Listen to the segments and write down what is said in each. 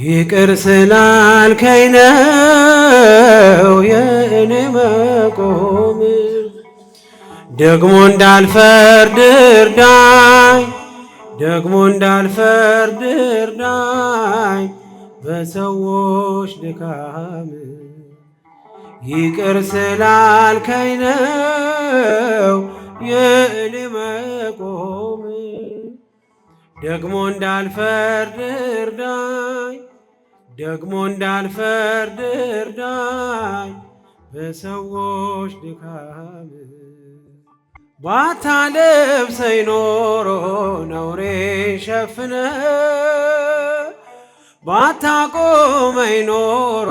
ይቅር ስላልከኝ ነው የእኔ መቆም፣ ደግሞ እንዳልፈርድ እርዳኝ፣ ደግሞ እንዳልፈርድ እርዳኝ በሰዎች ድካም። ይቅር ስላልከኝ ነው የእኔ መቆም ደግሞ እንዳልፈርድ እርዳኝ፣ ደግሞ እንዳልፈርድ እርዳኝ በሰዎች ድካም ባታለብሰኝ ኖሮ ነውሬ ሸፍነ ባታ ባታቆመኝ ኖሮ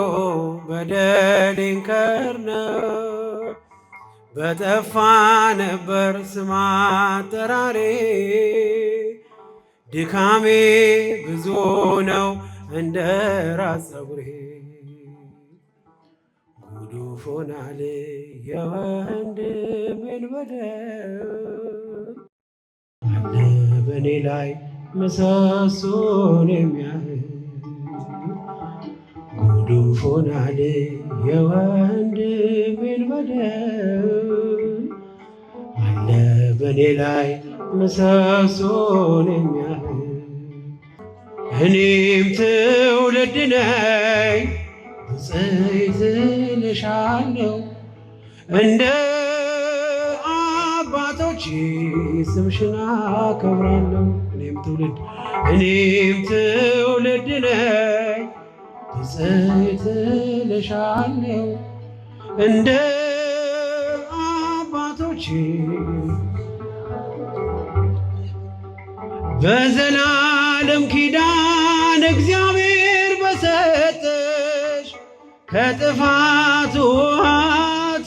በደሌን ከርነ በጠፋ ነበር ስማ ጠራሬ ድካሜ ብዙ ነው እንደ ራስ ፀጉሬ ጉዱ የወንድሜን በደል አለ ላይ ምሰሶን የሚያህል ጉዱ የወንድሜን በደል ላይ ምሰሶን እኔም ትውልድ ነኝ ብፅዕት እልሻለሁ እንደ አባቶች ስምሽን አከብራለሁ። እኔም ትውልድ እኔም ትውልድ ነኝ ብፅዕት እልሻለሁ እንደ አባቶች በዘላ የዘላለም ኪዳን እግዚአብሔር በሰጠሽ ከጥፋት ውሃ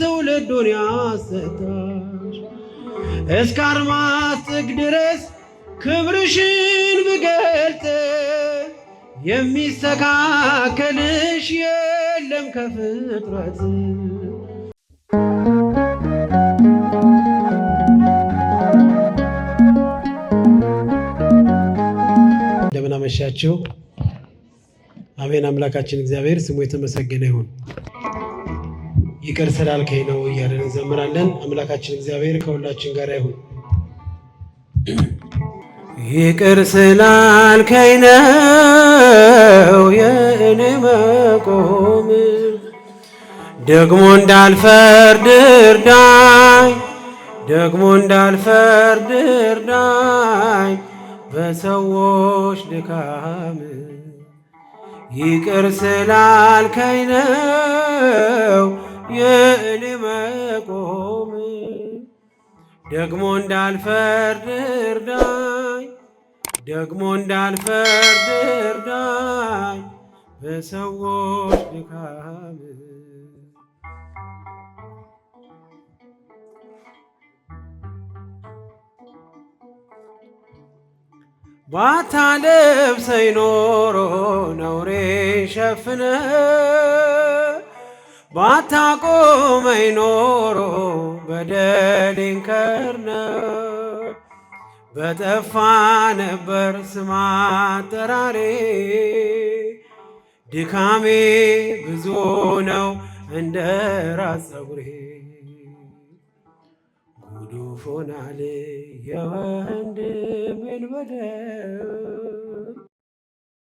ትውልዱን ያሰጣሽ እስከ አርማጽግ ድረስ ክብርሽን ብገልጥ የሚስተካከልሽ የለም ከፍጥረት አመሻችሁ። አሜን። አምላካችን እግዚአብሔር ስሙ የተመሰገነ ይሁን። ይቅር ስላልከኝ ነው እያለን እንዘምራለን። አምላካችን እግዚአብሔር ከሁላችን ጋር ይሁን። ይቅር ስላልከኝ ነው የእኔ መቆም፣ ደግሞ እንዳልፈርድ እርዳኝ፣ ደግሞ እንዳልፈርድ እርዳኝ በሰዎች ድካም ይቅር ስላልከኝ ነው የእኔ መቆም። ደግሞ እንዳልፈርድ እርዳኝ፣ ደግሞ እንዳልፈርድ እርዳኝ በሰዎች ድካም ባታለብሰኝ ኖሮ ነውሬ ሸፍነ ባታቆመኝ ኖሮ በደሌን ከርነ በጠፋ ነበር ስማ አጠራሬ ድካሜ ብዙ ነው እንደ ራስ ፀጉሬ አኩርፎናል የወንድሜን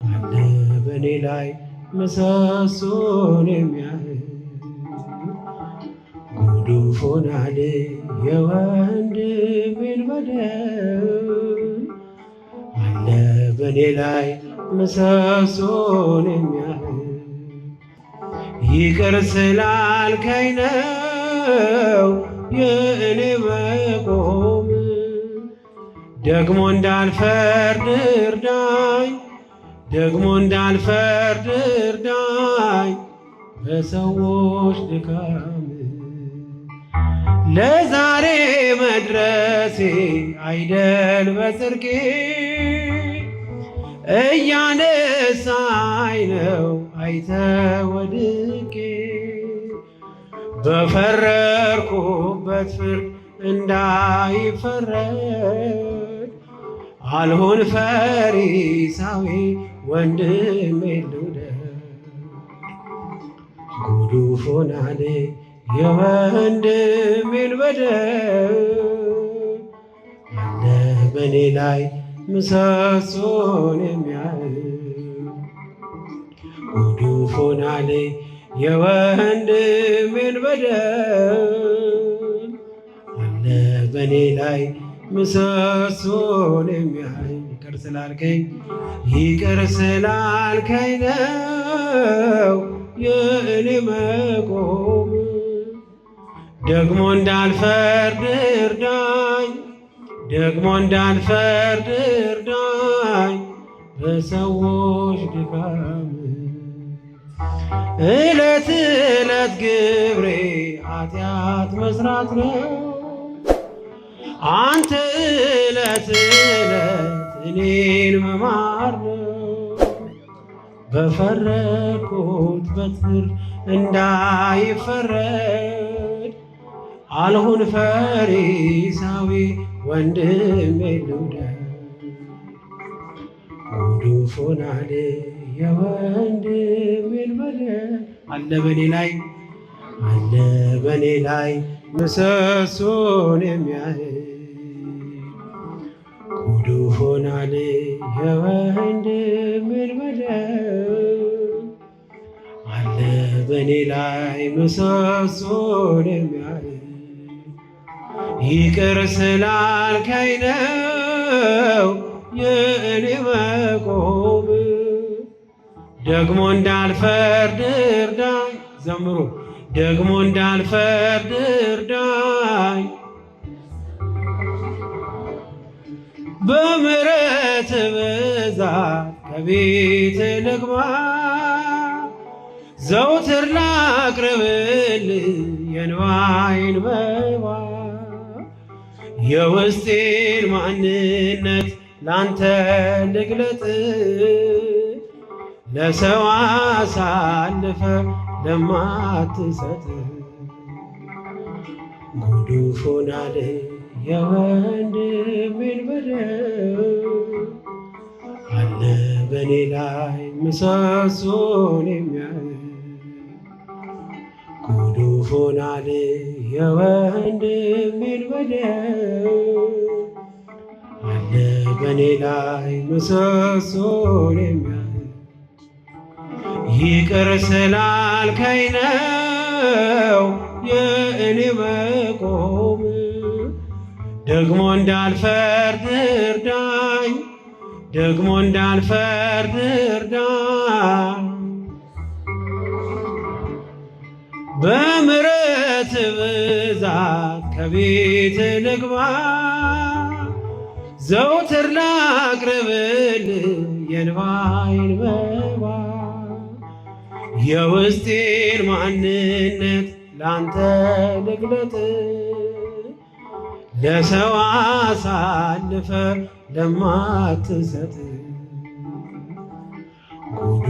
በደል አለ ላይ ምሰሶን የሚያህል ጉድ የወንድሜን በደል አለ በእኔ ላይ ምሰሶን የሚያህል ይቅር ስላልከኝ ነው የእኔ መቆም ደግሞ እንዳልፈርድ እርዳኝ፣ ደግሞ እንዳልፈርድ እርዳኝ በሰዎች ድካም ለዛሬ መድረሴ አይደል በጽድቄ እያነሳኝ ነው አይተ ወድቄ በፈረድኩበት ፍርድ እንዳይፈረድ አልሆን ፈሪሳዊ ወንድሜ ልውደድ። ጉዱ ሆናል የወንድሜን በደል አለ በኔ ላይ ምሰሶን የሚያህል ጉዱ የወንድሜን በደል አለ በእኔ ላይ ምሰሶን የሚያህል ይቅር ስላልከኝ ይቅር ስላልከኝ ነው የእኔ መቆም። ደግሞ እንዳልፈርድ እርዳኝ፣ ደግሞ እንዳልፈርድ እርዳኝ በሰዎች ድካም እለት እለት ግብሬ ኃጢአት መስራት ነው። አንተ እለት እለት እኔን መማር ነው። በትር እንዳይፈረድ አልሁን ፈሪሳዊ ወንድሜ ልውደድ ጉዱፉን የወንድሜን በለ አለ በኔ ላይ አለ በኔ ላይ ምሰሶን የሚያይ ጉዱ ሆናል የወንድሜን አለ በኔ ላይ ምሰሶን የሚያይ ይቅር ስላልከኝ ነው የእኔ መቆም ደግሞ እንዳልፈርድ እርዳኝ። ዘምሩ። ደግሞ እንዳልፈርድ እርዳኝ፣ በምሕረት ብዛት ከቤት ልግባ፣ ዘውትር ላቅርብል የንዋይን መባ የውስጤን ማንነት ላንተ ልግለጥ ለሰው አሳልፈ ለማትሰጥ ጉዱ በደል አለ ላይ ምሰሶን የሚያይ በደል አለ ላይ ምሰሶን የሚያይ ይቅር ስላልከኝ ነው የእኔ መቆም። ደግሞ እንዳልፈርድ እርዳኝ፣ ደግሞ እንዳልፈርድ እርዳኝ። በምረት ብዛት ከቤት ልግባ ዘውትር ላቅርብል የንባይን መባ የውስጤን ማንነት ላንተ ልግለጥ ለሰው አሳልፈ ለማትሰጥ ጉዱ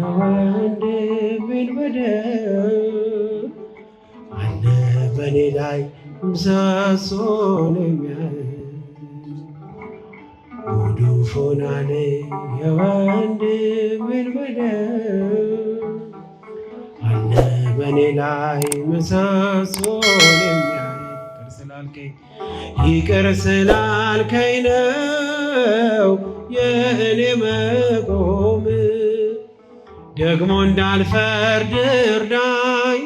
የወንድሜን በደል አነ በኔ ላይ ምሰሶን የሚያ ቅዱስ ሆናል የወንድምን በደል አነ በኔ ላይ ምሰሶን የሚያይ ይቅር ስላልከኝ ይቅር ስላልከኝ ነው የእኔ መቆም ደግሞ እንዳልፈርድ እርዳኝ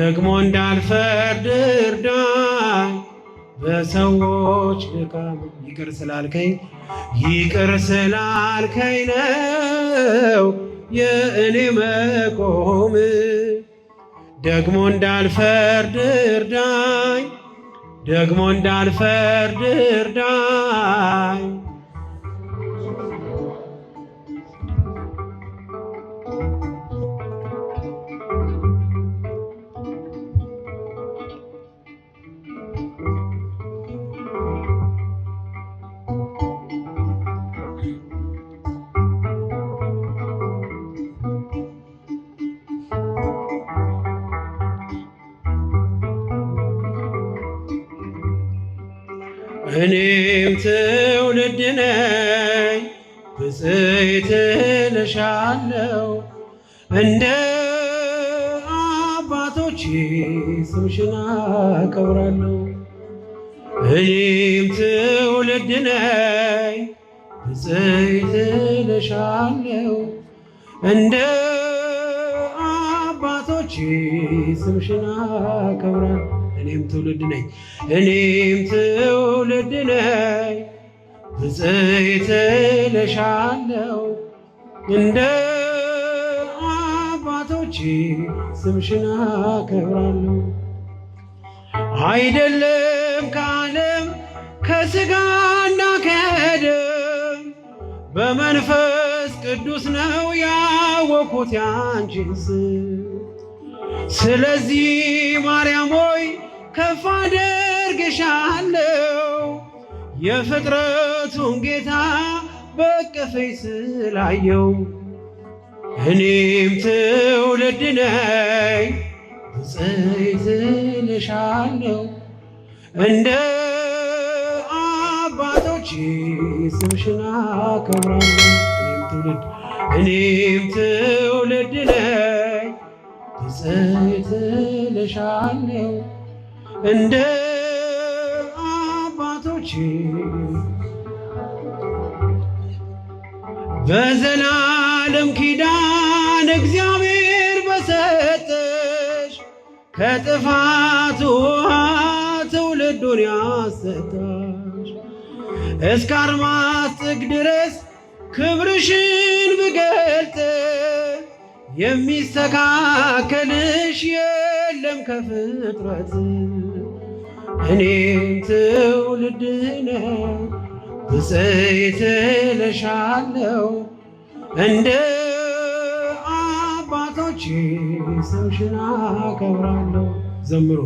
ደግሞ እንዳልፈርድ እርዳኝ በሰዎች ድካም ይቅር ስላልከኝ ይቅር ስላልከኝ ነው የእኔ መቆም። ደግሞ እንዳልፈርድ እርዳኝ፣ ደግሞ እንዳልፈርድ እርዳኝ እኔም ትውልድ ነኝ ብፅዕት እልሻለሁ እንደ አባቶቼ ስምሽን አከብራለሁ። እኔም ትውልድ ነኝ ብፅዕት እልሻለሁ እንደ አባቶቼ ስምሽን አከብራለሁ እኔም ትውልድ ነኝ እኔም ትውልድ ነኝ ብፅዕት እልሻለሁ እንደ አባቶቼ ስምሽን አከብራለሁ። አይደለም ከዓለም ከስጋና ከደም በመንፈስ ቅዱስ ነው ያወኩት ያንቺን ስም። ስለዚህ ማርያም ሆይ ከፍ አደርግሻለው የፍጥረቱን ጌታ በቀፌ ስላየው እኔም ትውልድ ነኝ ብፅዕት እልሻለው እንደ አባቶቼ ስምሽን አከብራለሁ። እኔም ትውልድ ነኝ ብፅዕት እንደ አባቶቼ በዘላለም ኪዳን እግዚአብሔር በሰጠሽ ከጥፋት ውሃ ትውልዱን ያሰጣሽ እስከ አርማስ ጥግ ድረስ ክብርሽን ብገልጥ የሚስተካከልሽ የለም ከፍጥረት እኔም ትውልድነ ብፅዕት እልሻለሁ እንደ አባቶቼ ስምሽን አከብራለሁ። ዘምሮ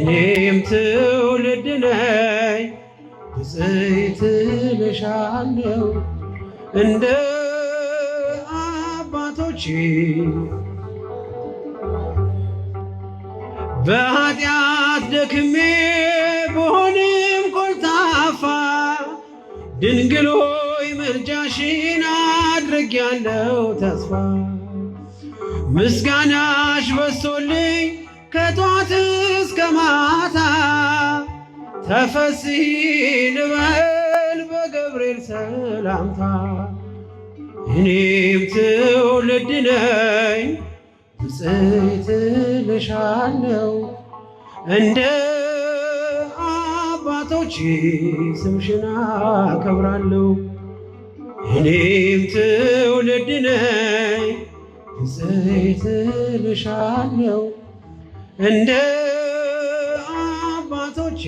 እኔም ትውልድ ነይ ብፅዕት እልሻለሁ እንደ አባቶቼ በኃጢአት ደክሜ በሆንም ቆልጣፋ ድንግሎይ ምርጃሽን አድርጌያለሁ ተስፋ ምስጋናሽ በሶልኝ ከጧት እስከ ማታ ተፈሲ ልበል በገብርኤል ሰላምታ እኔም ትውልድ ነኝ ንጽሕት ልሻለው እንደ አባቶቼ ስምሽን አከብራለሁ። እኔም ትውልድ ነኝ ንጽሕት ልሻለው እንደ አባቶቼ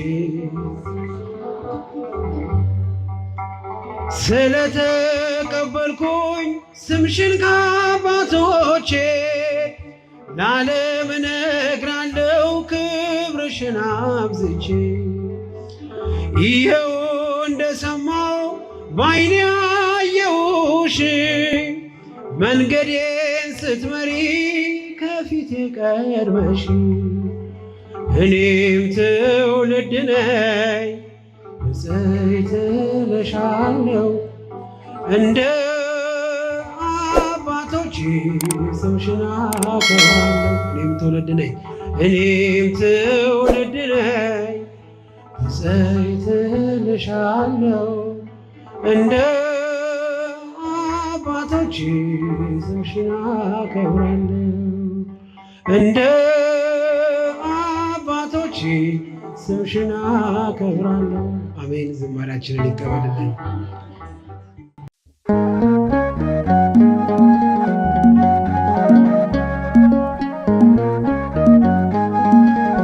ስለተቀበልኩኝ ስምሽን ከአባቶቼ ለዓለም እነግራለሁ ክብርሽን አብዝቼ ይኸው እንደሰማው ባይኔ አየሁሽ መንገዴን ስትመሪ ከፊቴ ቀድመሽ እኔም ትውልድ ነኝ ብፅዕት እልሻለሁ እንደ ስምሽን አከብራለሁ። እኔም ትውልድ ነኝ እኔም ትውልድ ነኝ ትንሻለው እንደ አባቶች ስምሽን አከብራለሁ እንደ አባቶች ስምሽን አከብራለሁ። አሜን። ዝማሪያችንን ይቀበልልን።